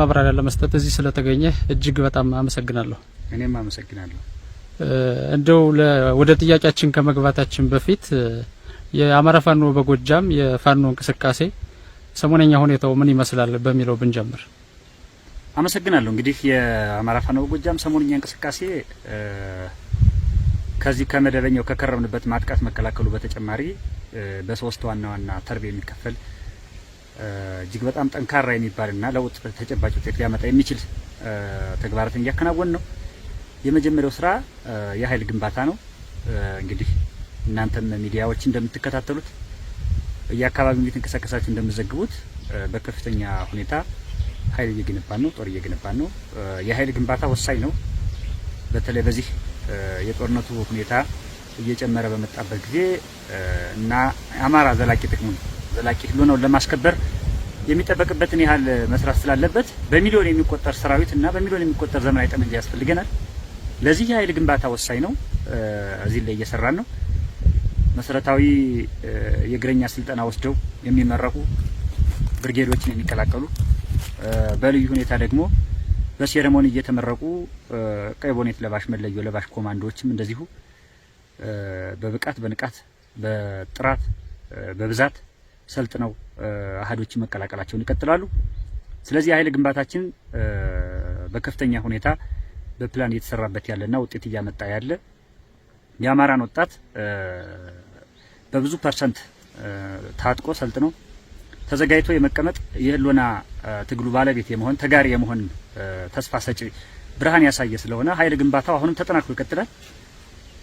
ማብራሪያ ለመስጠት እዚህ ስለተገኘ እጅግ በጣም አመሰግናለሁ። እኔም አመሰግናለሁ። እንደው ወደ ጥያቄያችን ከመግባታችን በፊት የአማራ ፋኖ በጎጃም የፋኖ እንቅስቃሴ ሰሞነኛ ሁኔታው ምን ይመስላል በሚለው ብንጀምር። አመሰግናለሁ። እንግዲህ የአማራ ፋኖ በጎጃም ሰሞነኛ እንቅስቃሴ ከዚህ ከመደበኛው ከከረምንበት ማጥቃት መከላከሉ በተጨማሪ በሶስት ዋና ዋና ተርብ የሚከፈል እጅግ በጣም ጠንካራ የሚባልና ለውጥ ተጨባጭ ውጤት ሊያመጣ የሚችል ተግባራትን እያከናወን ነው። የመጀመሪያው ስራ የኃይል ግንባታ ነው። እንግዲህ እናንተም ሚዲያዎች እንደምትከታተሉት የአካባቢ እየተንቀሳቀሳችሁ እንደምዘግቡት በከፍተኛ ሁኔታ ኃይል እየገነባን ነው። ጦር እየገነባን ነው። የኃይል ግንባታ ወሳኝ ነው። በተለይ በዚህ የጦርነቱ ሁኔታ እየጨመረ በመጣበት ጊዜ እና አማራ ዘላቂ ጥቅሙን ዘላቂ ህልውናውን ለማስከበር የሚጠበቅበትን ያህል መስራት ስላለበት በሚሊዮን የሚቆጠር ሰራዊት እና በሚሊዮን የሚቆጠር ዘመናዊ ጠመንጃ ያስፈልገናል። ለዚህ የኃይል ግንባታ ወሳኝ ነው። እዚህ ላይ እየሰራን ነው። መሰረታዊ የእግረኛ ስልጠና ወስደው የሚመረቁ ብርጌዶችን የሚቀላቀሉ በልዩ ሁኔታ ደግሞ በሴረሞኒ እየተመረቁ ቀይ ቦኔት ለባሽ መለዮ ለባሽ ኮማንዶዎችም እንደዚሁ በብቃት በንቃት በጥራት በብዛት ሰልጥነው አህዶችን መቀላቀላቸውን ይቀጥላሉ። ስለዚህ የኃይል ግንባታችን በከፍተኛ ሁኔታ በፕላን እየተሰራበት ያለና ውጤት እያመጣ ያለ የአማራን ወጣት በብዙ ፐርሰንት ታጥቆ ሰልጥነው ተዘጋጅቶ የመቀመጥ የህልውና ትግሉ ባለቤት የመሆን ተጋሪ የመሆን ተስፋ ሰጪ ብርሃን ያሳየ ስለሆነ ኃይል ግንባታው አሁንም ተጠናክሮ ይቀጥላል።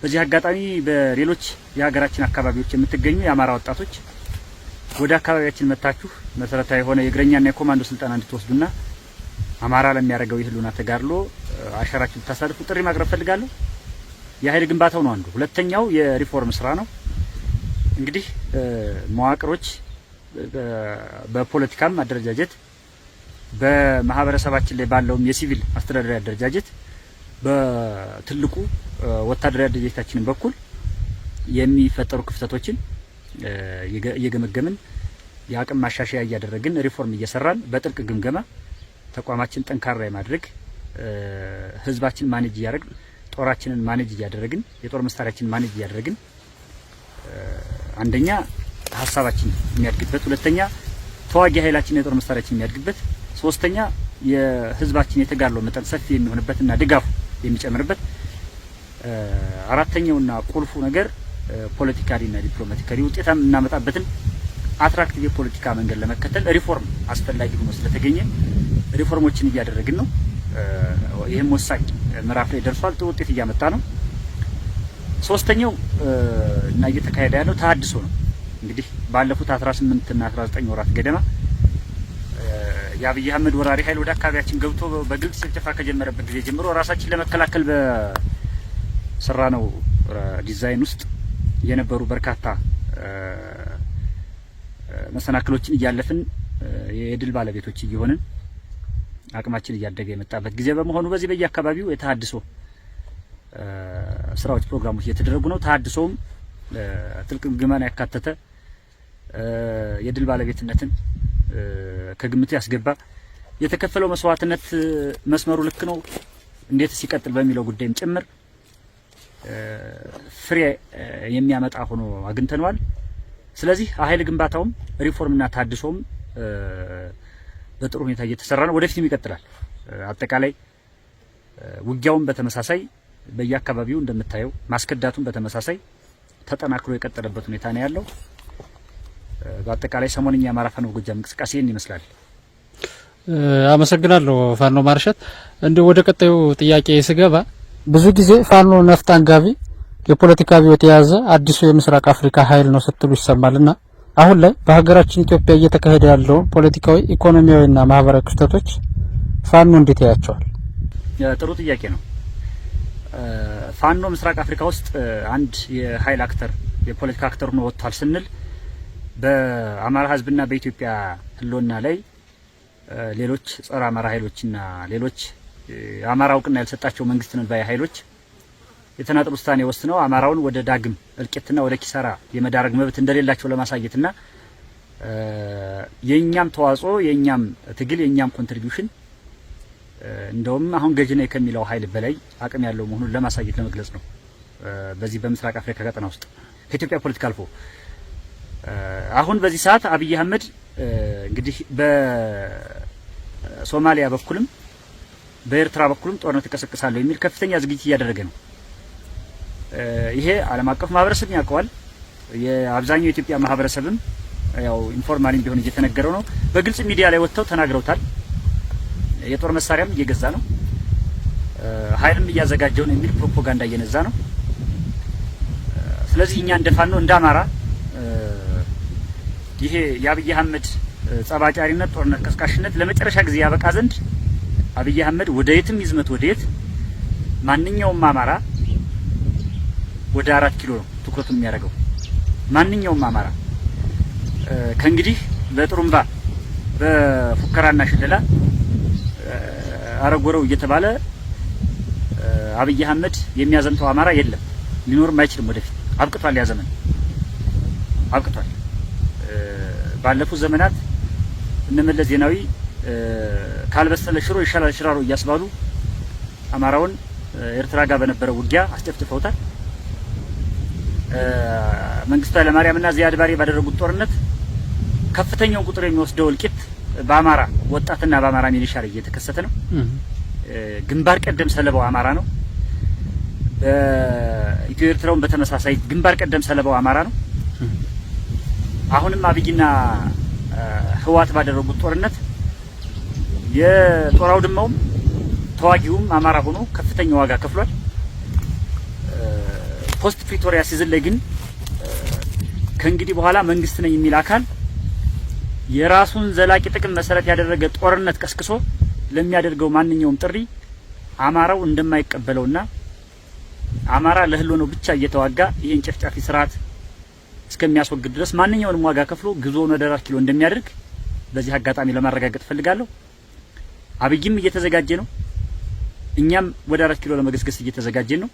በዚህ አጋጣሚ በሌሎች የሀገራችን አካባቢዎች የምትገኙ የአማራ ወጣቶች ወደ አካባቢያችን መጥታችሁ መሰረታዊ የሆነ የእግረኛና የኮማንዶ ስልጠና እንድትወስዱና አማራ ለሚያደርገው የህልውና ተጋድሎ አሻራችን ብታሳልፉ ጥሪ ማቅረብ ፈልጋለሁ። የኃይል ግንባታው ነው አንዱ። ሁለተኛው የሪፎርም ስራ ነው። እንግዲህ መዋቅሮች በፖለቲካም አደረጃጀት በማህበረሰባችን ላይ ባለውም የሲቪል አስተዳደራዊ አደረጃጀት በትልቁ ወታደራዊ አደረጃጀታችንን በኩል የሚፈጠሩ ክፍተቶችን እየገመገምን የአቅም ማሻሻያ እያደረግን ሪፎርም እየሰራን በጥልቅ ግምገማ ተቋማችን ጠንካራ የማድረግ ህዝባችን ማኔጅ እያደረግ ጦራችንን ማኔጅ እያደረግን የጦር መሳሪያችን ማኔጅ እያደረግን አንደኛ ሀሳባችን የሚያድግበት፣ ሁለተኛ ተዋጊ ኃይላችን የጦር መሳሪያችን የሚያድግበት፣ ሶስተኛ የህዝባችን የተጋድሎ መጠን ሰፊ የሚሆንበትና ድጋፍ የሚጨምርበት፣ አራተኛውና ቁልፉ ነገር እና ዲፕሎማቲካሊ ውጤታም እናመጣበትን አትራክቲቭ የፖለቲካ መንገድ ለመከተል ሪፎርም አስፈላጊ ሆኖ ስለተገኘ ሪፎርሞችን እያደረግን ነው። ይህም ወሳኝ ምዕራፍ ላይ ደርሷል። ጥሩ ውጤት እያመጣ ነው። ሶስተኛው እና እየተካሄደ ያለው ተሀድሶ ነው። እንግዲህ ባለፉት 18 እና 19 ወራት ገደማ የአብይ አህመድ ወራሪ ኃይል ወደ አካባቢያችን ገብቶ በግልጽ ጭፍጨፋ ከጀመረበት ጊዜ ጀምሮ ራሳችን ለመከላከል በስራ ነው ዲዛይን ውስጥ የነበሩ በርካታ መሰናክሎችን እያለፍን የድል ባለቤቶች እየሆንን አቅማችን እያደገ የመጣበት ጊዜ በመሆኑ በዚህ በየአካባቢው የተሃድሶ ስራዎች፣ ፕሮግራሞች እየተደረጉ ነው። ተሃድሶውም ትልቅ ግመና ያካተተ የድል ባለቤትነትን ከግምት ያስገባ የተከፈለው መስዋዕትነት መስመሩ ልክ ነው፣ እንዴት ሲቀጥል በሚለው ጉዳይም ጭምር ፍሬ የሚያመጣ ሆኖ አግኝተነዋል። ስለዚህ ኃይል ግንባታውም ሪፎርምና ታድሶም በጥሩ ሁኔታ እየተሰራ ነው፣ ወደፊትም ይቀጥላል። አጠቃላይ ውጊያውም በተመሳሳይ በየአካባቢው እንደምታየው ማስከዳቱም በተመሳሳይ ተጠናክሮ የቀጠለበት ሁኔታ ነው ያለው። በአጠቃላይ ሰሞንኛ የአማራ ፋኖ ጎጃም እንቅስቃሴን ይመስላል። አመሰግናለሁ ፋኖ ማርሸት። እንደ ወደ ቀጣዩ ጥያቄ ስገባ ብዙ ጊዜ ፋኖ ነፍጥ አንጋቢ የፖለቲካ ቢወት የያዘ አዲሱ የምስራቅ አፍሪካ ኃይል ነው ስትሉ ይሰማልና አሁን ላይ በሀገራችን ኢትዮጵያ እየተካሄደ ያለውን ፖለቲካዊ፣ ኢኮኖሚያዊና ማህበራዊ ክስተቶች ፋኖ እንዴት ያያቸዋል? ጥሩ ጥያቄ ነው። ፋኖ ምስራቅ አፍሪካ ውስጥ አንድ የኃይል አክተር የፖለቲካ አክተር ሆኖ ወጥቷል ስንል በአማራ ህዝብና በኢትዮጵያ ህልውና ላይ ሌሎች ጸረ አማራ ኃይሎችና ሌሎች አማራ እውቅና ያልሰጣቸው መንግስትን ባይ ኃይሎች የተናጠል ውሳኔ ወስነው አማራውን ወደ ዳግም እልቂትና ወደ ኪሳራ የመዳረግ መብት እንደሌላቸው ለማሳየትና የእኛም ተዋጽኦ የእኛም ትግል የእኛም ኮንትሪቢዩሽን እንደውም አሁን ገዥ ነኝ ከሚለው ኃይል በላይ አቅም ያለው መሆኑን ለማሳየት ለመግለጽ ነው። በዚህ በምስራቅ አፍሪካ ቀጠና ውስጥ ከኢትዮጵያ ፖለቲካ አልፎ አሁን በዚህ ሰዓት አብይ አህመድ እንግዲህ በሶማሊያ በኩልም በኤርትራ በኩልም ጦርነት እቀሰቅሳለሁ የሚል ከፍተኛ ዝግጅት እያደረገ ነው። ይሄ ዓለም አቀፍ ማህበረሰብ ያውቀዋል። የአብዛኛው የኢትዮጵያ ማህበረሰብም ያው ኢንፎርማሊም ቢሆን እየተነገረው ነው። በግልጽ ሚዲያ ላይ ወጥተው ተናግረውታል። የጦር መሳሪያም እየገዛ ነው፣ ኃይልም እያዘጋጀው ነው የሚል ፕሮፓጋንዳ እየነዛ ነው። ስለዚህ እኛ እንደ ፋኖ እንደ አማራ ይሄ የአብይ አህመድ ጸባጫሪነት፣ ጦርነት ቀስቃሽነት ለመጨረሻ ጊዜ ያበቃ ዘንድ አብይ አህመድ ወደ የትም ይዝመት ወደ የት ማንኛውም አማራ ወደ አራት ኪሎ ነው ትኩረት የሚያደርገው። ማንኛውም አማራ ከእንግዲህ በጥሩምባ በፉከራና ሽለላ አረጎረው እየተባለ አብይ አህመድ የሚያዘምተው አማራ የለም፣ ሊኖርም አይችልም። ወደፊት አብቅቷል፣ ያ ዘመን አብቅቷል። ባለፉት ዘመናት እነመለስ ዜናዊ ካልበሰለ ሽሮ ይሻላል ሽራሮ እያስባሉ አማራውን ኤርትራ ጋር በነበረ ውጊያ አስጨፍጭፈውታል። መንግስቱ ኃይለማርያምና ዚያድ ባሬ ባደረጉት ጦርነት ከፍተኛውን ቁጥር የሚወስደው እልቂት በአማራ ወጣትና በአማራ ሚሊሻ ላይ እየተከሰተ ነው። ግንባር ቀደም ሰለባው አማራ ነው። በኢትዮ ኤርትራውን በተመሳሳይ ግንባር ቀደም ሰለባው አማራ ነው። አሁንም አብይና ህወሓት ባደረጉት ጦርነት የጦር አውድማውም ተዋጊውም አማራ ሆኖ ከፍተኛ ዋጋ ከፍሏል። ፖስት ፕሪቶሪያ ሲዝን ላይ ግን ከእንግዲህ በኋላ መንግስት ነኝ የሚል አካል የራሱን ዘላቂ ጥቅም መሰረት ያደረገ ጦርነት ቀስቅሶ ለሚያደርገው ማንኛውም ጥሪ አማራው እንደማይቀበለውና አማራ ለህልውናው ብቻ እየተዋጋ ይህን ጨፍጫፊ ስርዓት እስከሚያስወግድ ድረስ ማንኛውንም ዋጋ ከፍሎ ጉዞውን ወደ አራት ኪሎ እንደሚያደርግ በዚህ አጋጣሚ ለማረጋገጥ እፈልጋለሁ። አብይም እየተዘጋጀ ነው። እኛም ወደ አራት ኪሎ ለመገስገስ እየተዘጋጀን ነው።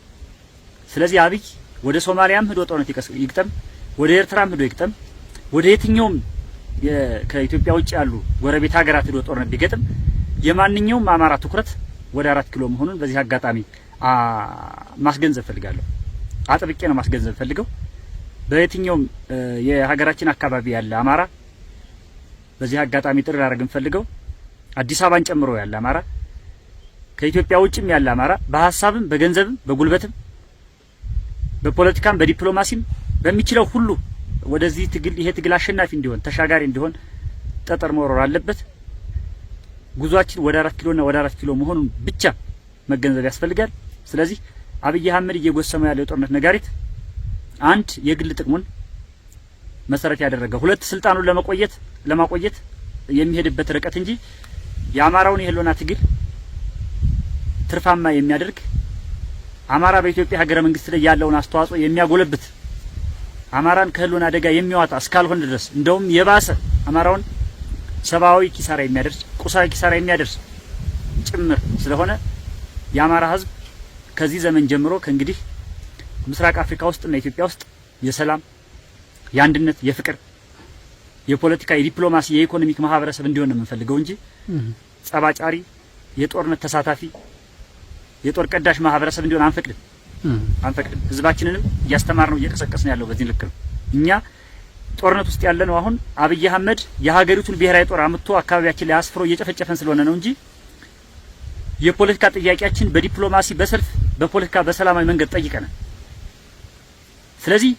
ስለዚህ አብይ ወደ ሶማሊያም ሂዶ ጦርነት ይግጠም፣ ወደ ኤርትራም ሂዶ ይግጠም፣ ወደ የትኛውም ከኢትዮጵያ ውጭ ያሉ ጎረቤት ሀገራት ሂዶ ጦርነት ቢገጥም የማንኛውም አማራ ትኩረት ወደ አራት ኪሎ መሆኑን በዚህ አጋጣሚ ማስገንዘብ ፈልጋለሁ። አጥብቄ ነው ማስገንዘብ ፈልገው። በየትኛውም የሀገራችን አካባቢ ያለ አማራ በዚህ አጋጣሚ ጥሪ ላደርግ እንፈልገው አዲስ አበባን ጨምሮ ያለ አማራ ከኢትዮጵያ ውጭም ያለ አማራ በሀሳብም በገንዘብም በጉልበትም በፖለቲካም በዲፕሎማሲም በሚችለው ሁሉ ወደዚህ ትግል ይሄ ትግል አሸናፊ እንዲሆን ተሻጋሪ እንዲሆን ጠጠር መሮር አለበት። ጉዟችን ወደ አራት ኪሎና ወደ አራት ኪሎ መሆኑን ብቻ መገንዘብ ያስፈልጋል። ስለዚህ አብይ አህመድ እየጎሰመው ያለው የጦርነት ነጋሪት አንድ የግል ጥቅሙን መሰረት ያደረገ፣ ሁለት ስልጣኑን ለመቆየት ለማቆየት የሚሄድበት ርቀት እንጂ የአማራውን የህልውና ትግል ትርፋማ የሚያደርግ አማራ በኢትዮጵያ ሀገረ መንግስት ላይ ያለውን አስተዋጽኦ የሚያጎለብት አማራን ከህልውና አደጋ የሚያወጣ እስካልሆነ ድረስ እንደውም የባሰ አማራውን ሰብአዊ ኪሳራ የሚያደርስ ቁሳዊ ኪሳራ የሚያደርስ ጭምር ስለሆነ የአማራ ህዝብ ከዚህ ዘመን ጀምሮ ከእንግዲህ ምስራቅ አፍሪካ ውስጥ እና ኢትዮጵያ ውስጥ የሰላም፣ የአንድነት፣ የፍቅር፣ የፖለቲካ፣ የዲፕሎማሲ፣ የኢኮኖሚክ ማህበረሰብ እንዲሆን ነው የምንፈልገው እንጂ ጸባጫሪ፣ የጦርነት ተሳታፊ፣ የጦር ቀዳሽ ማህበረሰብ እንዲሆን አንፈቅድም አንፈቅድም። ህዝባችንንም እያስተማር ነው እየቀሰቀስ ነው ያለው በዚህ ልክ ነው። እኛ ጦርነት ውስጥ ያለ ነው። አሁን አብይ አህመድ የሀገሪቱን ብሔራዊ ጦር አምጥቶ አካባቢያችን ላይ አስፍሮ እየጨፈጨፈን ስለሆነ ነው እንጂ የፖለቲካ ጥያቄያችን በዲፕሎማሲ፣ በሰልፍ፣ በፖለቲካ፣ በሰላማዊ መንገድ ጠይቀናል። ስለዚህ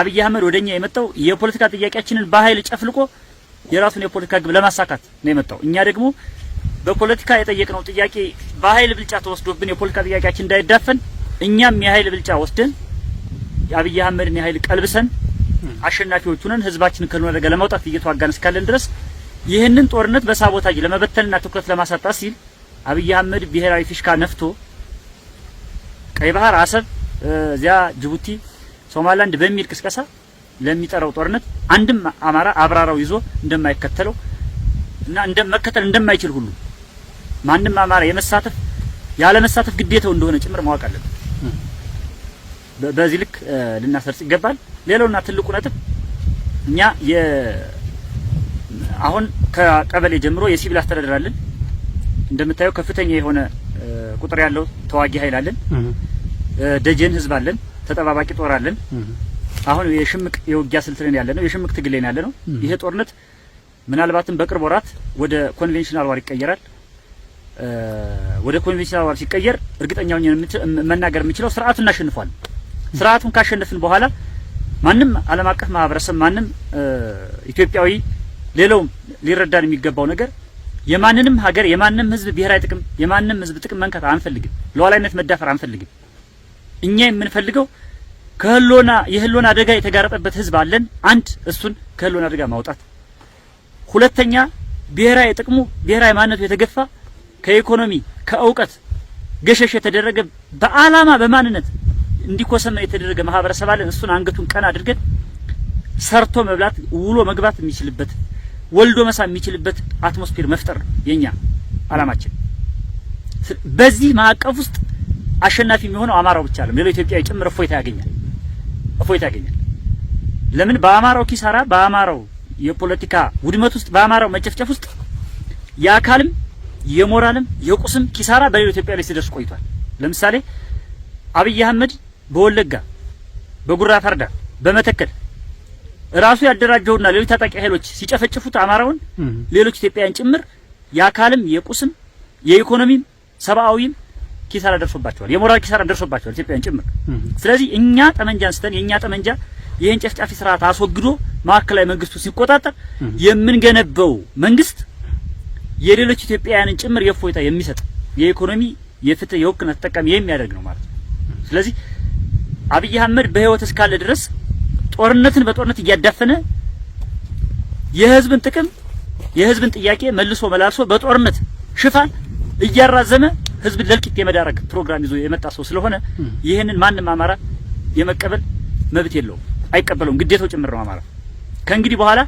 አብይ አህመድ ወደኛ የመጣው የፖለቲካ ጥያቄያችንን በኃይል ጨፍልቆ የራሱን የፖለቲካ ግብ ለማሳካት ነው የመጣው። እኛ ደግሞ በፖለቲካ የጠየቅነው ጥያቄ በኃይል ብልጫ ተወስዶብን የፖለቲካ ጥያቄያችን እንዳይዳፈን እኛም የኃይል ብልጫ ወስደን የአብይ አህመድን የኃይል ቀልብሰን አሸናፊዎች ሆነን ህዝባችንን ከሆነ ነገር ለማውጣት እየተዋጋን እስካለን ድረስ ይህንን ጦርነት በሳቦታጅ ለመበተንና ትኩረት ለማሳጣት ሲል አብይ አህመድ ብሔራዊ ፊሽካ ነፍቶ ቀይ ባህር አሰብ፣ እዚያ ጅቡቲ ሶማሊላንድ በሚል ቅስቀሳ ለሚጠራው ጦርነት አንድም አማራ አብራራው ይዞ እንደማይከተለው እና መከተል እንደማይችል ሁሉ ማንም አማራ የመሳተፍ ያለ መሳተፍ ግዴታው እንደሆነ ጭምር ማወቅ አለበት። በዚህ ልክ ልናሰርጽ ይገባል። ሌላውና ትልቁ ነጥብ እኛ አሁን ከቀበሌ ጀምሮ የሲቪል አስተዳደር አለን። እንደምታየው ከፍተኛ የሆነ ቁጥር ያለው ተዋጊ ኃይል አለን። ደጀን ህዝብ አለን። ተጠባባቂ ጦር አለን። አሁን የሽምቅ የውጊያ ስልትን ያለ ነው፣ የሽምቅ ትግል ላይ ያለ ነው። ይሄ ጦርነት ምናልባትም በቅርብ ወራት ወደ ኮንቬንሽናል ዋር ይቀየራል። ወደ ኮንቬንሽናል ዋር ሲቀየር እርግጠኛውን መናገር የምችለው ስርዓቱን እናሸንፏል። ስርዓቱን ካሸነፍን በኋላ ማንም ዓለም አቀፍ ማህበረሰብ ማንም ኢትዮጵያዊ ሌላውም ሊረዳን የሚገባው ነገር የማንንም ሀገር የማንም ህዝብ ብሔራዊ ጥቅም የማንም ህዝብ ጥቅም መንካት አንፈልግም። ሉዓላዊነት መዳፈር አንፈልግም። እኛ የምንፈልገው ከህልውና የህልውና አደጋ የተጋረጠበት ህዝብ አለን። አንድ እሱን ከህሎና አደጋ ማውጣት፣ ሁለተኛ ብሔራዊ ጥቅሙ ብሔራዊ ማንነቱ የተገፋ ከኢኮኖሚ ከእውቀት ገሸሽ የተደረገ በዓላማ በማንነት እንዲኮሰመ የተደረገ ማህበረሰብ አለን። እሱን አንገቱን ቀና አድርገን ሰርቶ መብላት ውሎ መግባት የሚችልበት ወልዶ መሳ የሚችልበት አትሞስፌር መፍጠር የኛ ዓላማችን። በዚህ ማዕቀፍ ውስጥ አሸናፊ የሚሆነው አማራው ብቻ ነው። ሌላ ኢትዮጵያዊ ጭምር እፎይታ ያገኛል፣ እፎይታ ያገኛል። ለምን? በአማራው ኪሳራ፣ በአማራው የፖለቲካ ውድመት ውስጥ፣ በአማራው መጨፍጨፍ ውስጥ የአካልም የሞራልም የቁስም ኪሳራ በሌላ ኢትዮጵያ ላይ ሲደርስ ቆይቷል። ለምሳሌ አብይ አህመድ በወለጋ በጉራ ፈርዳ በመተከል ራሱ ያደራጀውና ሌሎች ታጣቂ ኃይሎች ሲጨፈጭፉት አማራውን ሌሎች ኢትዮጵያውያን ጭምር የአካልም የቁስም የኢኮኖሚም ሰብአዊም ኪሳራ ደርሶባቸዋል። የሞራል ኪሳራ ደርሶባቸዋል ኢትዮጵያን ጭምር። ስለዚህ እኛ ጠመንጃ አንስተን የእኛ ጠመንጃ ይህን ጨፍጫፊ ስርዓት አስወግዶ ማዕከላዊ መንግስቱ ሲቆጣጠር የምንገነባው መንግስት የሌሎች ኢትዮጵያውያንን ጭምር የእፎይታ የሚሰጥ የኢኮኖሚ፣ የፍትህ፣ የውክልና ተጠቃሚ የሚያደርግ ነው ማለት ነው። ስለዚህ አብይ አህመድ በህይወት እስካለ ድረስ ጦርነትን በጦርነት እያዳፈነ የህዝብን ጥቅም የህዝብን ጥያቄ መልሶ መላልሶ በጦርነት ሽፋን እያራዘመ ህዝብ ለልቂት የመዳረግ ፕሮግራም ይዞ የመጣ ሰው ስለሆነ ይህንን ማንም አማራ የመቀበል መብት የለውም፣ አይቀበለውም፣ ግዴታው ጭምር ነው። አማራ ከእንግዲህ በኋላ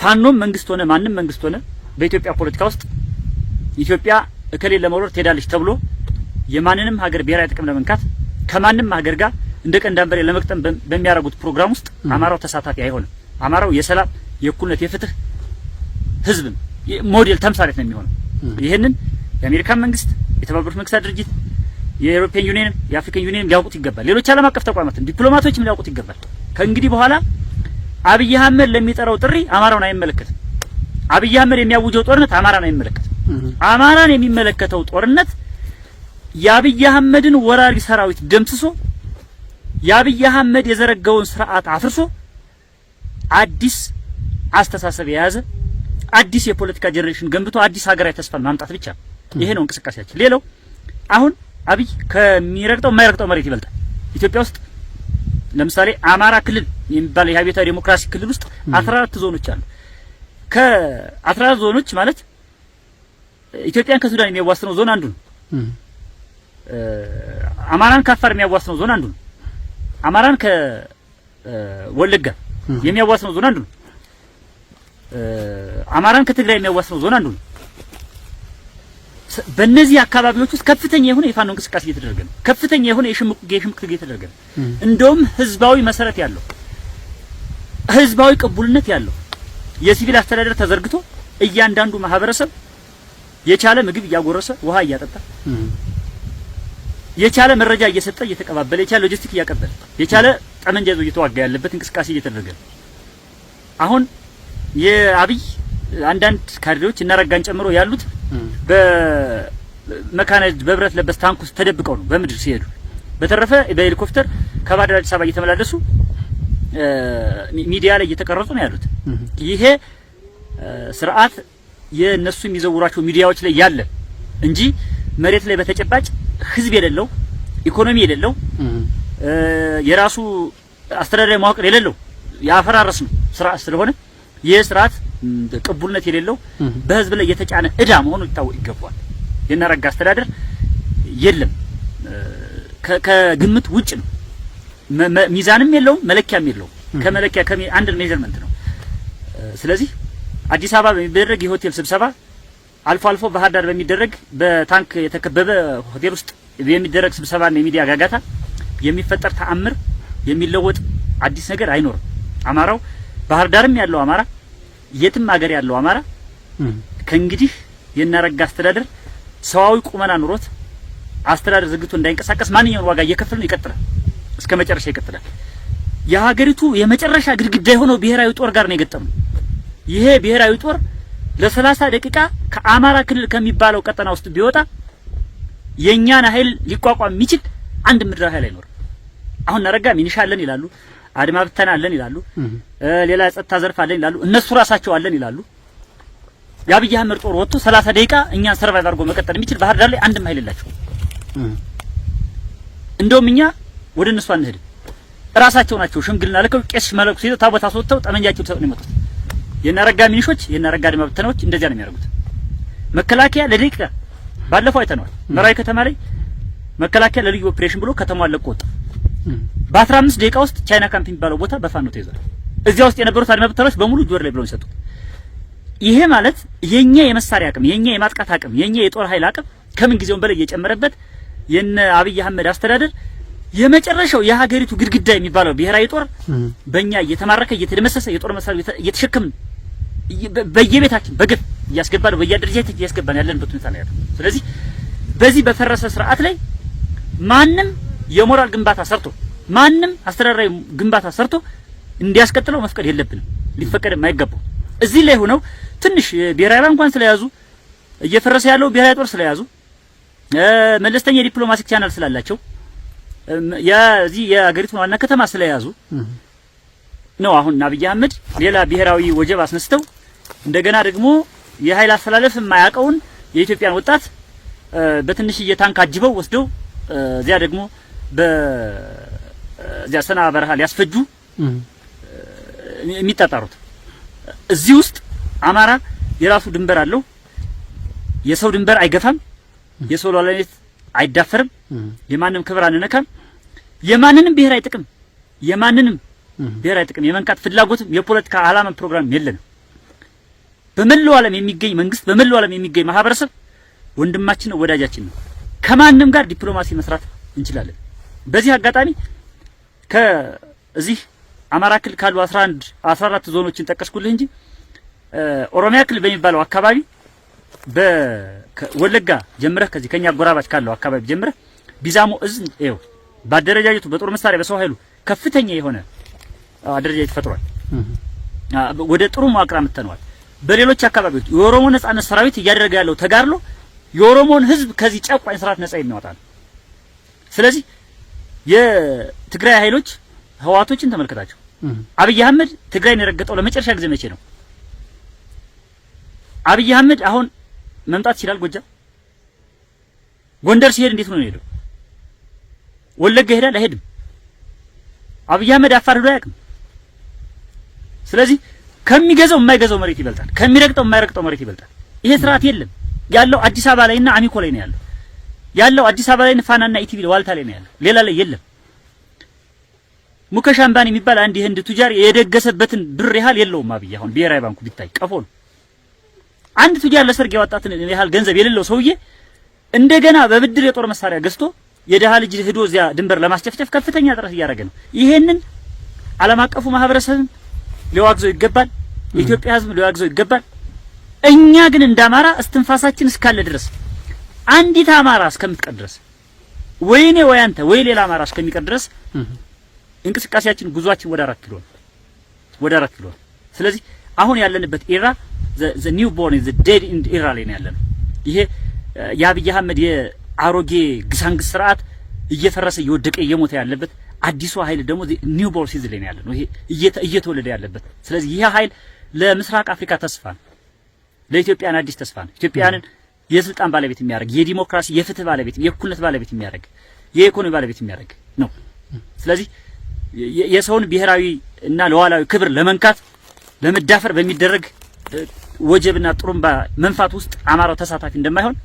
ፋኖም መንግስት ሆነ ማንም መንግስት ሆነ በኢትዮጵያ ፖለቲካ ውስጥ ኢትዮጵያ እከሌ ለመውረር ትሄዳለች ተብሎ የማንንም ሀገር ብሔራዊ ጥቅም ለመንካት ከማንም ሀገር ጋር እንደ ቀን ዳንበሬ ለመቅጠም በሚያደርጉት ፕሮግራም ውስጥ አማራው ተሳታፊ አይሆንም። አማራው የሰላም የእኩልነት፣ የፍትህ ህዝብም ሞዴል ተምሳሌት ነው የሚሆነው። ይህንን የአሜሪካን መንግስት፣ የተባበሩት መንግስታት ድርጅት፣ የኤሮፒያን ዩኒየን፣ የአፍሪካን ዩኒየን ሊያውቁት ይገባል። ሌሎች ዓለም አቀፍ ተቋማትም ዲፕሎማቶችም ሊያውቁት ይገባል። ከእንግዲህ በኋላ አብይ አህመድ ለሚጠራው ጥሪ አማራውን አይመለከትም። አብይ አህመድ የሚያውጀው ጦርነት አማራን አይመለከትም። አማራን የሚመለከተው ጦርነት የአብይ አህመድን ወራሪ ሰራዊት ደምስሶ የአብይ አህመድ የዘረጋውን ስርዓት አፍርሶ አዲስ አስተሳሰብ የያዘ አዲስ የፖለቲካ ጀኔሬሽን ገንብቶ አዲስ ሀገራዊ ተስፋን ማምጣት ብቻ ነው። ይሄ ነው እንቅስቃሴያችን። ሌላው አሁን አብይ ከሚረግጠው የማይረግጠው መሬት ይበልጣል። ኢትዮጵያ ውስጥ ለምሳሌ አማራ ክልል የሚባለው የሀቤታ ዴሞክራሲ ክልል ውስጥ 14 ዞኖች አሉ። ከ ከ14 ዞኖች ማለት ኢትዮጵያን ከሱዳን የሚያዋስነው ዞን አንዱ ነው። አማራን ከአፋር የሚያዋስነው ዞን አንዱ ነው። አማራን ከወለጋ የሚያዋስነው ዞን አንዱ ነው። አማራን ከትግራይ የሚያዋስነው ዞን አንዱ ነው። በእነዚህ አካባቢዎች ውስጥ ከፍተኛ የሆነ የፋኖ እንቅስቃሴ እየተደረገ ነው። ከፍተኛ የሆነ የሽምቅ የሽምቅ እየተደረገ ነው። እንደውም ህዝባዊ መሰረት ያለው ህዝባዊ ቅቡልነት ያለው የሲቪል አስተዳደር ተዘርግቶ እያንዳንዱ ማህበረሰብ የቻለ ምግብ እያጎረሰ ውሃ እያጠጣ የቻለ መረጃ እየሰጠ እየተቀባበለ የቻለ ሎጂስቲክ እያቀበለ የቻለ ጠመንጃ ይዞ እየተዋጋ ያለበት እንቅስቃሴ እየተደረገ ነው። አሁን የአብይ አንዳንድ ካድሬዎች እና ረጋን ጨምሮ ያሉት በመካነጅ በብረት ለበስ ታንክ ውስጥ ተደብቀው ነው በምድር ሲሄዱ። በተረፈ በሄሊኮፕተር ከባህር አዲስ አበባ እየተመላለሱ ሚዲያ ላይ እየተቀረጹ ነው ያሉት። ይሄ ስርዓት የነሱ የሚዘውሯቸው ሚዲያዎች ላይ ያለ እንጂ መሬት ላይ በተጨባጭ ህዝብ የሌለው ኢኮኖሚ የሌለው የራሱ አስተዳዳሪ መዋቅር የሌለው ያፈራረስ ነው ስርዓት ስለሆነ ይህ ስርዓት ቅቡልነት የሌለው በህዝብ ላይ የተጫነ እዳ መሆኑ ሊታወቅ ይገባዋል። የናረጋ አስተዳደር የለም ከግምት ውጭ ነው። ሚዛንም የለውም፣ መለኪያም የለውም። ከመለኪያ አንድ ሜዥርመንት ነው። ስለዚህ አዲስ አበባ በሚደረግ የሆቴል ስብሰባ አልፎ አልፎ ባህር ዳር በሚደረግ በታንክ የተከበበ ሆቴል ውስጥ የሚደረግ ስብሰባና የሚዲያ ጋጋታ የሚፈጠር ተአምር የሚለወጥ አዲስ ነገር አይኖርም። አማራው ባህር ዳርም ያለው አማራ የትም ሀገር ያለው አማራ ከእንግዲህ የናረጋ አስተዳደር ሰዋዊ ቁመና ኑሮት አስተዳደር ዝግቶ እንዳይንቀሳቀስ ማንኛውን ዋጋ ነው ይቀጥላል፣ እስከ መጨረሻ ይቀጥላል። የሀገሪቱ የመጨረሻ ግድግዳ የሆነው ብሔራዊ ጦር ጋር ነው የገጠመው። ይሄ ብሔራዊ ጦር ለሰላሳ ደቂቃ ከአማራ ክልል ከሚባለው ቀጠና ውስጥ ቢወጣ የእኛን ኃይል ሊቋቋም የሚችል አንድ ምድራዊ ኃይል አይኖርም። አሁን ናረጋ ሚኒሻ አለን ይላሉ። አድማ ብተና አለን ይላሉ፣ ሌላ የጸጥታ ዘርፍ አለን ይላሉ፣ እነሱ ራሳቸው አለን ይላሉ። የአብይ አህመድ ጦር ወጥቶ 30 ደቂቃ እኛን ሰርቫይቭ አድርጎ መቀጠል የሚችል ባህር ዳር ላይ አንድም ኃይል የላቸውም። እንደውም እኛ ወደ እነሱ አንሄድም። ራሳቸው ናቸው ሽምግልና ልከው ቄስ መለኩ ሲይዘው ታቦት አስወጥተው ጠመንጃቸው ተሰጥነው የመጡት። የናረጋ ሚኒሾች የናረጋ አድማ ብተናዎች እንደዚያ ነው የሚያደርጉት። መከላከያ ለደቂቃ ባለፈው አይተነዋል። መራዊ ከተማ ላይ መከላከያ ለልዩ ኦፕሬሽን ብሎ ከተማዋን ለቆ ወጣ። በአስራ አምስት ደቂቃ ውስጥ ቻይና ካምፕ የሚባለው ቦታ በፋኖ ተይዟል። እዚያ ውስጥ የነበሩት አድማ ብተናዎች በሙሉ ጆር ወደ ላይ ብለው የሰጡት ይሄ ማለት የኛ የመሳሪያ አቅም፣ የኛ የማጥቃት አቅም፣ የኛ የጦር ኃይል አቅም ከምን ጊዜውም በላይ የጨመረበት የነ አብይ አህመድ አስተዳደር የመጨረሻው የሀገሪቱ ግድግዳ የሚባለው ብሔራዊ ጦር በእኛ እየተማረከ እየተደመሰሰ የጦር መሳሪያ እየተሸከምን በየቤታችን በግፍ እያስገባን በየአደረጃጀት እያስገባን ያለንበት ሁኔታ ነው ያለው። ስለዚህ በዚህ በፈረሰ ስርዓት ላይ ማንም የሞራል ግንባታ ሰርቶ ማንም አስተዳደራዊ ግንባታ ሰርቶ እንዲያስቀጥለው መፍቀድ የለብንም፣ ሊፈቀድ የማይገባው እዚህ ላይ ሆነው ትንሽ ብሔራዊ ባንኳን ስለያዙ እየፈረሰ ያለው ብሔራዊ ጦር ስለያዙ መለስተኛ የዲፕሎማቲክ ቻናል ስላላቸው የዚህ የሀገሪቱን ዋና ከተማ ስለያዙ ነው። አሁን አብይ አህመድ ሌላ ብሔራዊ ወጀብ አስነስተው እንደገና ደግሞ የኃይል አስተላለፍ የማያውቀውን የኢትዮጵያን ወጣት በትንሽዬ ታንክ አጅበው ወስደው እዚያ ደግሞ በዚያ ሰና በረሃ ሊያስፈጁ የሚጣጣሩት። እዚህ ውስጥ አማራ የራሱ ድንበር አለው። የሰው ድንበር አይገፋም። የሰው ሉዓላዊነት አይዳፈርም። የማንም ክብር አንነካም። የማንንም ብሔራዊ ጥቅም የማንንም ብሔራዊ ጥቅም የመንካት ፍላጎትም የፖለቲካ ዓላማ ፕሮግራም የለንም። በመላው ዓለም የሚገኝ መንግስት፣ በመላው ዓለም የሚገኝ ማህበረሰብ ወንድማችን ነው፣ ወዳጃችን ነው። ከማንም ጋር ዲፕሎማሲ መስራት እንችላለን። በዚህ አጋጣሚ ከዚህ አማራ ክልል ካሉ 11 14 ዞኖችን ጠቀስኩልህ እንጂ ኦሮሚያ ክልል በሚባለው አካባቢ በወለጋ ጀምረህ ከዚህ ከኛ ጎራባች ካለው አካባቢ ጀምረህ ቢዛሞ እዝ ይኸው በአደረጃጀቱ በጦር መሳሪያ በሰው ኃይሉ ከፍተኛ የሆነ አደረጃጀት ፈጥሯል። ወደ ጥሩ መዋቅር አምጥተነዋል። በሌሎች አካባቢዎች የኦሮሞ ነጻነት ሰራዊት እያደረገ ያለው ተጋድሎ የኦሮሞን ህዝብ ከዚህ ጨቋኝ ስርዓት ነጻ የሚያወጣ ነው። ስለዚህ የትግራይ ኃይሎች ህዋቶችን ተመልከታቸው። አብይ አህመድ ትግራይን የረገጠው ለመጨረሻ ጊዜ መቼ ነው? አብይ አህመድ አሁን መምጣት ይችላል። ጎጃም ጎንደር ሲሄድ እንዴት ነው የሄደው? ወለጋ ይሄዳል አይሄድም? አብይ አህመድ አፋር ሄዶ አያውቅም። ስለዚህ ከሚገዛው የማይገዛው መሬት ይበልጣል፣ ከሚረግጠው የማይረግጠው መሬት ይበልጣል። ይሄ ስርዓት የለም ያለው አዲስ አበባ ላይና አሚኮ ላይ ነው ያለው። ያለው አዲስ አበባ ላይ ፋናና ኢቲቪ ዋልታ ላይ ነው ያለው። ሌላ ላይ የለም። ሙከሽ አምባኒ የሚባል አንድ የህንድ ቱጃር የደገሰበትን ብር ያህል የለውም አብይ። አሁን ብሔራዊ ባንኩ ቢታይ ቀፎ ነው። አንድ ቱጃር ለሰርግ ያወጣትን ያህል ገንዘብ የሌለው ሰውዬ እንደገና በብድር የጦር መሳሪያ ገዝቶ የደሃ ልጅ ሂዶ እዚያ ድንበር ለማስጨፍጨፍ ከፍተኛ ጥረት እያደረገ ነው። ይሄንን ዓለም አቀፉ ማህበረሰብ ሊዋግዘው ይገባል። የኢትዮጵያ ህዝብ ሊዋግዘው ይገባል። እኛ ግን እንደ አማራ እስትንፋሳችን እስካለ ድረስ አንዲት አማራ እስከምትቀር ድረስ ወይ እኔ ወይ አንተ ወይ ሌላ አማራ እስከሚቀር ድረስ እንቅስቃሴያችን ጉዟችን ወደ አራት ኪሎ ወደ አራት ኪሎ ስለዚህ አሁን ያለንበት ኢራ ዘ ኒው ቦርን ዘ ዴድ ኢን ኢራ ላይ ነው ያለነው። ይሄ የአብይ አህመድ የአሮጌ ግሳንግስ ስርዓት እየፈረሰ እየወደቀ እየሞተ ያለበት አዲሱ ኃይል ደግሞ ኒው ቦርን ሲዝ ላይ ነው ያለነው። ይሄ እየተ እየተወለደ ያለበት ስለዚህ ይሄ ኃይል ለምስራቅ አፍሪካ ተስፋ ነው፣ ለኢትዮጵያን አዲስ ተስፋ ነው። ኢትዮጵያንን የስልጣን ባለቤት የሚያደርግ የዲሞክራሲ የፍትህ ባለቤት የእኩልነት ባለቤት የሚያደርግ የኢኮኖሚ ባለቤት የሚያደርግ ነው። ስለዚህ የሰውን ብሔራዊ እና ለዋላዊ ክብር ለመንካት ለመዳፈር በሚደረግ ወጀብና ጥሩምባ መንፋት ውስጥ አማራው ተሳታፊ እንደማይሆን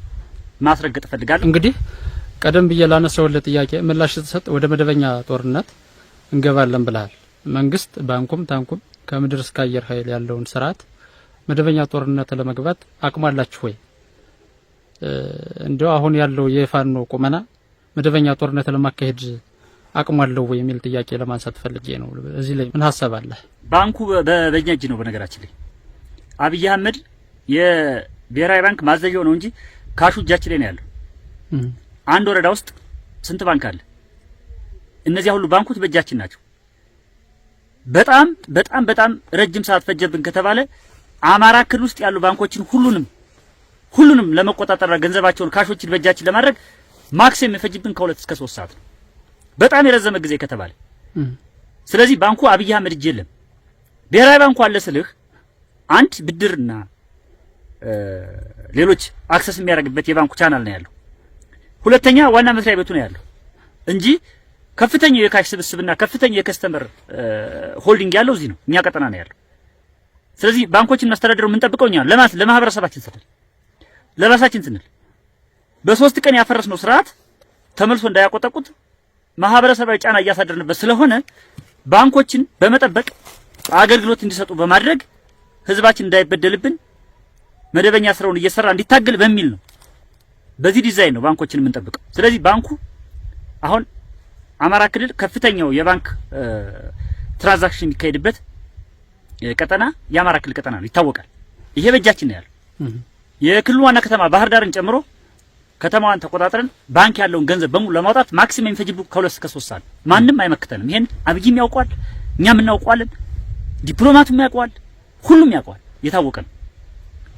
ማስረገጥ እፈልጋለሁ። እንግዲህ ቀደም ብዬ ላነሳውልህ ጥያቄ ምላሽ ስትሰጥ ወደ መደበኛ ጦርነት እንገባለን ብለሃል። መንግስት ባንኩም ታንኩም ከምድር እስከ አየር ኃይል ያለውን ስርዓት መደበኛ ጦርነት ለመግባት አቅሟላችሁ ወይ? እንዲያው አሁን ያለው የፋኖ ቁመና መደበኛ ጦርነት ለማካሄድ አቅሙ አለው ወይ የሚል ጥያቄ ለማንሳት ፈልጌ ነው። እዚህ ላይ ምን ሀሳብ አለ? ባንኩ በእኛ እጅ ነው። በነገራችን ላይ አብይ አህመድ የብሔራዊ ባንክ ማዘዣው ነው እንጂ ካሹ እጃችን ላይ ነው ያለው። አንድ ወረዳ ውስጥ ስንት ባንክ አለ? እነዚያ ሁሉ ባንኮች በእጃችን ናቸው። በጣም በጣም በጣም ረጅም ሰዓት ፈጀብን ከተባለ አማራ ክልል ውስጥ ያሉ ባንኮችን ሁሉንም ሁሉንም ለመቆጣጠር ገንዘባቸውን ካሾችን በእጃችን ለማድረግ ማክሲም የሚፈጅብን ከሁለት እስከ ሶስት ሰዓት ነው፣ በጣም የረዘመ ጊዜ ከተባለ። ስለዚህ ባንኩ አብይ አህመድ እጅ የለም ብሔራዊ ባንኩ አለ ስልህ አንድ ብድርና ሌሎች አክሰስ የሚያደርግበት የባንኩ ቻናል ነው ያለው። ሁለተኛ ዋና መስሪያ ቤቱ ነው ያለው እንጂ ከፍተኛው የካሽ ስብስብና ከፍተኛው የከስተመር ሆልዲንግ ያለው እዚህ ነው፣ እኛ ቀጠና ነው ያለው። ስለዚህ ባንኮችን እናስተዳደረው የምንጠብቀው እኛ ለማህበረሰባችን ሰደል ለራሳችን ስንል በሶስት ቀን ያፈረስነው ስርዓት ተመልሶ እንዳያቆጠቁት ማህበረሰባዊ ጫና እያሳደርንበት ስለሆነ ባንኮችን በመጠበቅ አገልግሎት እንዲሰጡ በማድረግ ህዝባችን እንዳይበደልብን መደበኛ ስራውን እየሰራ እንዲታገል በሚል ነው። በዚህ ዲዛይን ነው ባንኮችን የምንጠብቀው። ስለዚህ ባንኩ አሁን አማራ ክልል ከፍተኛው የባንክ ትራንዛክሽን የሚካሄድበት ቀጠና የአማራ ክልል ቀጠና ነው፣ ይታወቃል። ይሄ በእጃችን ነው ያለው። የክልሉ ዋና ከተማ ባህር ዳርን ጨምሮ ከተማዋን ተቆጣጥረን ባንክ ያለውን ገንዘብ በሙሉ ለማውጣት ማክሲመም የሚፈጅብን ከሁለት እስከ ሶስት ሰዓት፣ ማንም አይመክተንም። ይሄን አብይም ያውቋል፣ እኛም እናውቋለን፣ ዲፕሎማቱም ያውቋል፣ ሁሉም ያውቋል፣ የታወቀ ነው።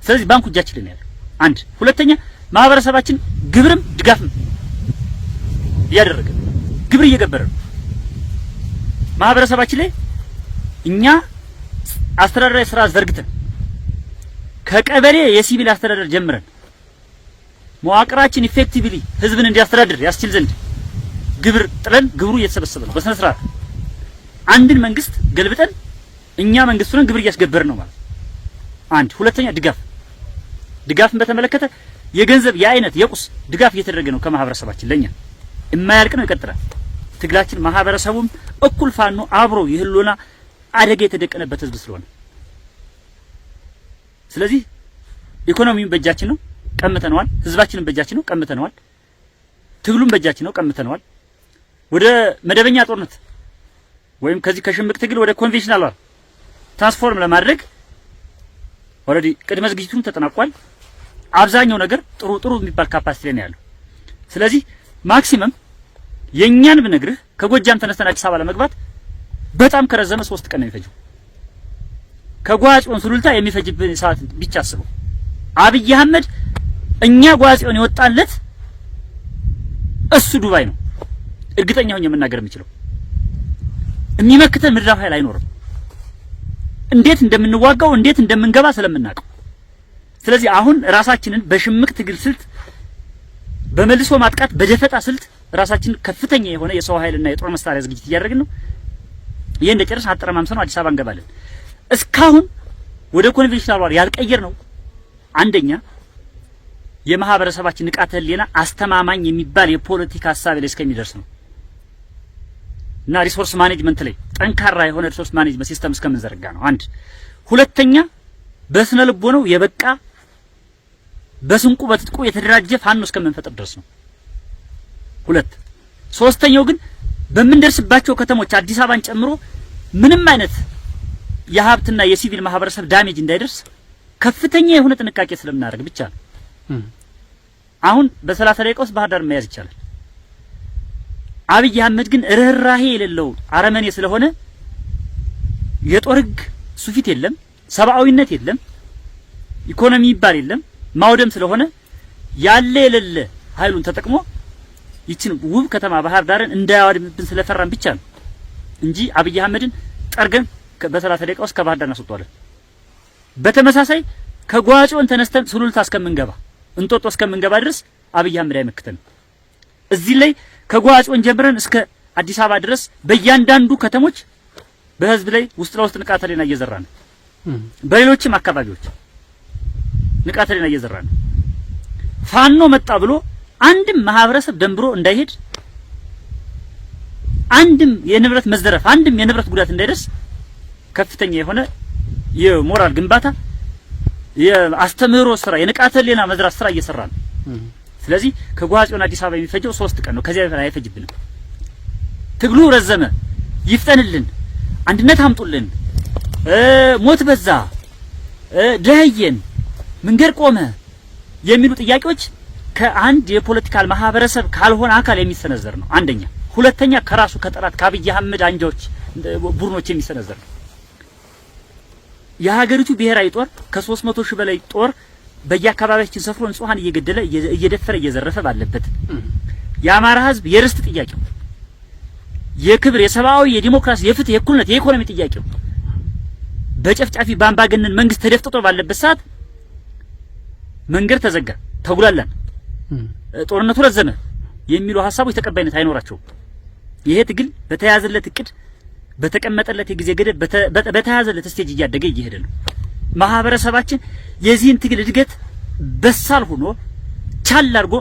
ስለዚህ ባንኩ እጃችን ላይ ያለው አንድ ሁለተኛ ማህበረሰባችን ግብርም ድጋፍም እያደረገ ግብር እየገበረ ነው። ማህበረሰባችን ላይ እኛ አስተዳደራዊ ስራ ዘርግተን ከቀበሌ የሲቪል አስተዳደር ጀምረን መዋቅራችን ኢፌክቲቭሊ ህዝብን እንዲያስተዳድር ያስችል ዘንድ ግብር ጥለን ግብሩ እየተሰበሰበ ነው። በስነ ስርዓት አንድን መንግስት ገልብጠን እኛ መንግስት ሆነን ግብር እያስገበርን ነው ማለት አንድ። ሁለተኛ ድጋፍ ድጋፍን በተመለከተ የገንዘብ የአይነት የቁስ ድጋፍ እየተደረገ ነው ከማህበረሰባችን ለኛ የማያልቅ ነው፣ ይቀጥላል። ትግላችን ማህበረሰቡም እኩል ፋኖ አብሮ የህልውና አደጋ የተደቀነበት ህዝብ ስለሆነ ስለዚህ ኢኮኖሚውን በእጃችን ነው ቀምተነዋል። ህዝባችንን በእጃችን ነው ቀምተነዋል። ትግሉን በእጃችን ነው ቀምተነዋል። ወደ መደበኛ ጦርነት ወይም ከዚህ ከሽምቅ ትግል ወደ ኮንቬንሽናል ዋር ትራንስፎርም ለማድረግ ኦልሬዲ ቅድመ ዝግጅቱም ተጠናቋል። አብዛኛው ነገር ጥሩ ጥሩ የሚባል ካፓሲቲ ላይ ያለው። ስለዚህ ማክሲመም የኛን ብነግርህ ከጎጃም ተነስተን አዲስ አበባ ለመግባት በጣም ከረዘመ ሶስት ቀን ነው የሚፈጀው። ከጓጽዮን ሱሉልታ የሚፈጅብን ሰዓት ብቻ አስበው። አብይ አህመድ እኛ ጓጽዮን የወጣለት እሱ ዱባይ ነው። እርግጠኛ ሆኜ መናገር የምችለው የሚመክተን ምድራዊ ኃይል አይኖርም። እንዴት እንደምንዋጋው እንዴት እንደምንገባ ስለምናውቀው፣ ስለዚህ አሁን ራሳችንን በሽምቅ ትግል ስልት፣ በመልሶ ማጥቃት፣ በደፈጣ ስልት ራሳችንን ከፍተኛ የሆነ የሰው ኃይልና የጦር መሳሪያ ዝግጅት እያደረግን ነው። ይህ እንደ ጨረስን አጠረማምሰን አዲስ አበባ እንገባለን። እስካሁን ወደ ኮንቬንሽናል ዋር ያልቀየር ነው። አንደኛ የማህበረሰባችን ንቃተ ህሊና አስተማማኝ የሚባል የፖለቲካ ሀሳብ ላይ እስከሚደርስ ነው እና ሪሶርስ ማኔጅመንት ላይ ጠንካራ የሆነ ሪሶርስ ማኔጅመንት ሲስተም እስከምንዘረጋ ነው። አንድ ሁለተኛ በስነ ልቦ ነው የበቃ በስንቁ በትጥቁ የተደራጀ ፋኖ እስከምንፈጥር ድረስ ነው። ሁለት ሶስተኛው ግን በምንደርስባቸው ከተሞች አዲስ አበባን ጨምሮ ምንም አይነት የሀብትና የሲቪል ማህበረሰብ ዳሜጅ እንዳይደርስ ከፍተኛ የሆነ ጥንቃቄ ስለምናደርግ ብቻ ነው። አሁን በሰላሳ ደቂቃ ውስጥ ባህር ዳር መያዝ ይቻላል። አብይ አህመድ ግን ርህራሄ የሌለው አረመኔ ስለሆነ የጦር ህግ ሱፊት የለም፣ ሰብአዊነት የለም፣ ኢኮኖሚ ይባል የለም። ማውደም ስለሆነ ያለ የሌለ ኃይሉን ተጠቅሞ ይችን ውብ ከተማ ባህር ዳርን እንዳያወድምብን ስለፈራን ብቻ ነው እንጂ አብይ አህመድን ጠርገን በሰላሳ ደቂቃ ውስጥ ከባህር ዳር እናስወጣዋለን። በተመሳሳይ ከጓጮን ተነስተን ሱሉልታ እስከምንገባ እንጦጦ እስከምንገባ ድረስ አብይ አህመድ አይመክተንም። እዚህ ላይ ከጓጮን ጀምረን እስከ አዲስ አበባ ድረስ በእያንዳንዱ ከተሞች በህዝብ ላይ ውስጥ ለውስጥ ንቃተ ህሊና እየዘራ ነው። በሌሎችም አካባቢዎች ንቃተ ህሊና እየዘራ ነው። ፋኖ መጣ ብሎ አንድም ማህበረሰብ ደንብሮ እንዳይሄድ፣ አንድም የንብረት መዘረፍ፣ አንድም የንብረት ጉዳት እንዳይደርስ ከፍተኛ የሆነ የሞራል ግንባታ፣ የአስተምህሮ ስራ፣ የንቃተ ሌላ መዝራት ስራ እየሰራ ነው። ስለዚህ ከጓጽዮን አዲስ አበባ የሚፈጀው ሶስት ቀን ነው። ከዚያ በላይ አይፈጅብንም። ትግሉ ረዘመ፣ ይፍጠንልን፣ አንድነት አምጡልን፣ ሞት በዛ፣ ደህየን፣ መንገድ ቆመ የሚሉ ጥያቄዎች ከአንድ የፖለቲካል ማህበረሰብ ካልሆነ አካል የሚሰነዘር ነው። አንደኛ። ሁለተኛ ከራሱ ከጠላት ከአብይ አህመድ አንጃዎች ቡድኖች የሚሰነዘር ነው። የሀገሪቱ ብሔራዊ ጦር ከ300 ሺህ በላይ ጦር በየአካባቢያችን ሰፍሮ ንጹሃን እየገደለ እየደፈረ እየዘረፈ ባለበት የአማራ ህዝብ የርስት ጥያቄው፣ የክብር፣ የሰብአዊ፣ የዲሞክራሲ፣ የፍትህ፣ የእኩልነት፣ የኢኮኖሚ ጥያቄው በጨፍጫፊ በአምባገነን መንግስት ተደፍጥጦ ባለበት ሰዓት መንገድ ተዘጋ፣ ተጉላላን፣ ጦርነቱ ረዘመ የሚሉ ሀሳቦች ተቀባይነት አይኖራቸውም። ይሄ ትግል በተያዘለት እቅድ በተቀመጠለት የጊዜ ገደብ በተያዘለት ስቴጅ እያደገ እየሄደ ነው። ማህበረሰባችን የዚህን ትግል እድገት በሳል ሆኖ ቻል አድርጎ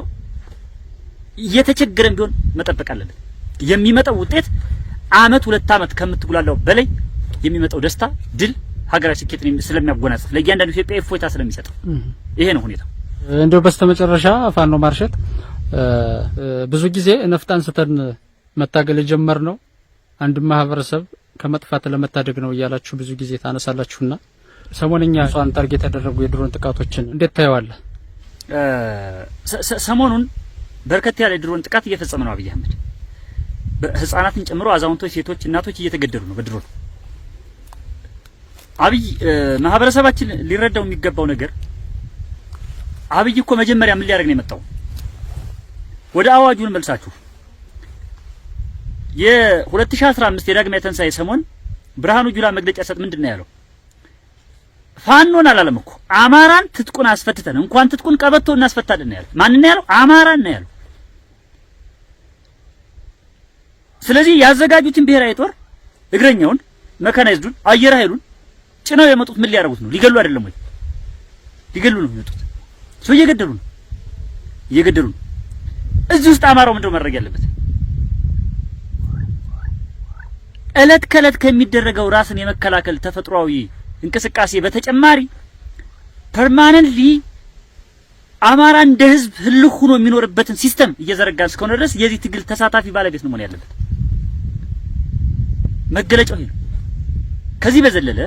እየተቸገረም ቢሆን መጠበቅ አለበት። የሚመጣው ውጤት አመት ሁለት አመት ከምትጉላለው በላይ የሚመጣው ደስታ፣ ድል፣ ሀገራዊ ስኬትን ስለሚያጎናጽፍ ለእያንዳንዱ ኢትዮጵያ እፎይታ ስለሚሰጠው ይሄ ነው ሁኔታው። እንዲሁ በስተመጨረሻ ፋኖ ማርሸት ብዙ ጊዜ ነፍጥ አንስተን መታገል ነው። አንድ ማህበረሰብ ከመጥፋት ለመታደግ ነው እያላችሁ ብዙ ጊዜ ታነሳላችሁና ሰሞንኛ ሷን ታርጌት ያደረጉ የድሮን ጥቃቶችን እንዴት ታየዋለ ሰሞኑን በርከት ያለ የድሮን ጥቃት እየፈጸመ ነው አብይ አህመድ። ህጻናትን ጨምሮ አዛውንቶች፣ ሴቶች፣ እናቶች እየተገደሉ ነው በድሮን። አብይ ማህበረሰባችን ሊረዳው የሚገባው ነገር አብይ እኮ መጀመሪያ ምን ሊያደርግ ነው የመጣው? ወደ አዋጁን መልሳችሁ የ2015 የዳግማዊ ትንሳኤ ሰሞን ብርሃኑ ጁላ መግለጫ ሰጥ ምንድን ነው ያለው? ፋኖን አላለም እኮ አማራን ትጥቁን አስፈትተን እንኳን ትጥቁን ቀበቶ እናስፈታለን ነው ያለው። ማንን ነው ያለው? አማራን ነው ያለው። ስለዚህ ያዘጋጁትን ብሔራዊ ጦር እግረኛውን፣ መካናይዝዱን፣ አየር ኃይሉን ጭነው የመጡት ምን ሊያደርጉት ነው? ሊገሉ አይደለም ወይ? ሊገሉ ነው የመጡት። ሰው እየገደሉ ነው፣ እየገደሉ ነው። እዚህ ውስጥ አማራው ምንድነው ማድረግ ያለበት? እለት ከእለት ከሚደረገው ራስን የመከላከል ተፈጥሯዊ እንቅስቃሴ በተጨማሪ ፐርማነንትሊ አማራ እንደ ህዝብ ህልክ ሆኖ የሚኖርበትን ሲስተም እየዘረጋን እስከሆነ ድረስ የዚህ ትግል ተሳታፊ ባለቤት ነው መሆን ያለበት። መገለጫው ይሄ ነው። ከዚህ በዘለለ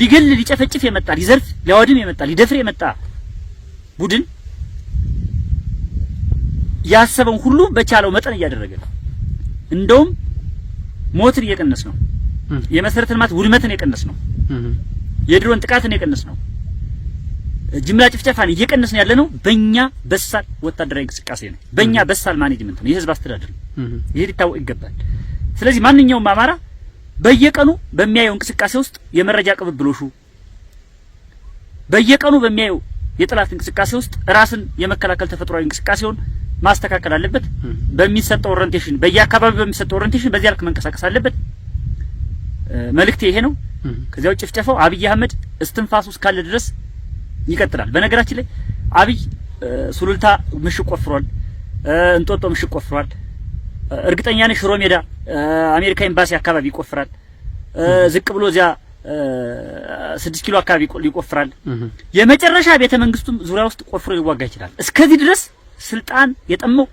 ሊገል ሊጨፈጭፍ የመጣ ሊዘርፍ ሊያወድም የመጣ ሊደፍር የመጣ ቡድን ያሰበውን ሁሉ በቻለው መጠን እያደረገ ነው። እንደውም ሞትን እየቀነስ ነው። የመሰረተ ልማት ውድመትን የቀነስ ነው። የድሮን ጥቃትን የቀነስ ነው። ጅምላ ጭፍጨፋን እየቀነስ ነው ያለ ነው። በእኛ በሳል ወታደራዊ እንቅስቃሴ ነው። በእኛ በሳል ማኔጅመንት ነው። የህዝብ አስተዳደር ነው። ይሄ ሊታወቅ ይገባል። ስለዚህ ማንኛውም አማራ በየቀኑ በሚያየው እንቅስቃሴ ውስጥ የመረጃ ቅብብሎሹ በየቀኑ በሚያየው የጥላት እንቅስቃሴ ውስጥ ራስን የመከላከል ተፈጥሯዊ እንቅስቃሴውን ማስተካከል አለበት። በሚሰጠው ኦሪንቴሽን፣ በየአካባቢው በሚሰጠው ኦሪንቴሽን በዚያ ልክ መንቀሳቀስ አለበት። መልእክቴ ይሄ ነው። ከዚያው ጭፍጨፋው አብይ አህመድ ውስጥ እስካለ ድረስ ይቀጥላል። በነገራችን ላይ አብይ ሱሉልታ ምሽግ ቆፍሯል፣ እንጦጦ ምሽግ ቆፍሯል። እርግጠኛ ነኝ ሽሮ ሜዳ አሜሪካ ኤምባሲ አካባቢ ይቆፍራል። ዝቅ ብሎ እዚያ ስድስት ኪሎ አካባቢ ይቆፍራል። የመጨረሻ ቤተ መንግስቱም ዙሪያ ውስጥ ቆፍሮ ሊዋጋ ይችላል። እስከዚህ ድረስ ስልጣን የጠመው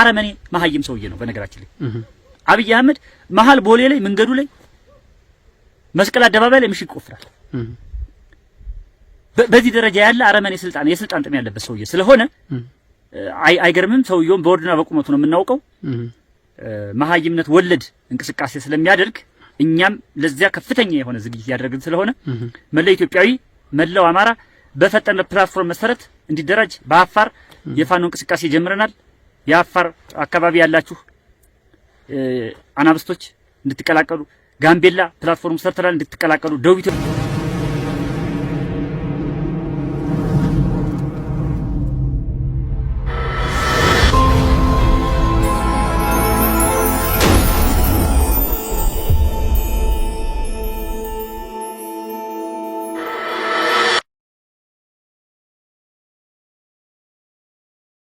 አረመኔ መሀይም ሰውዬ ነው። በነገራችን ላይ አብይ አህመድ መሀል ቦሌ ላይ መንገዱ ላይ መስቀል አደባባይ ላይ ምሽግ ይቆፍራል። በዚህ ደረጃ ያለ አረመኔ ስልጣን የስልጣን ጥም ያለበት ሰውዬ ስለሆነ አይገርምም። ሰውየውም በወርድና በቁመቱ ነው የምናውቀው። መሀይምነት ወለድ እንቅስቃሴ ስለሚያደርግ እኛም ለዚያ ከፍተኛ የሆነ ዝግጅት ያደረግን ስለሆነ መላው ኢትዮጵያዊ፣ መላው አማራ በፈጠነ ፕላትፎርም መሰረት እንዲደራጅ በአፋር የፋኖ እንቅስቃሴ ጀምረናል። የአፋር አካባቢ ያላችሁ አናብስቶች እንድትቀላቀሉ፣ ጋምቤላ ፕላትፎርም ሰርተናል እንድትቀላቀሉ ደቡብ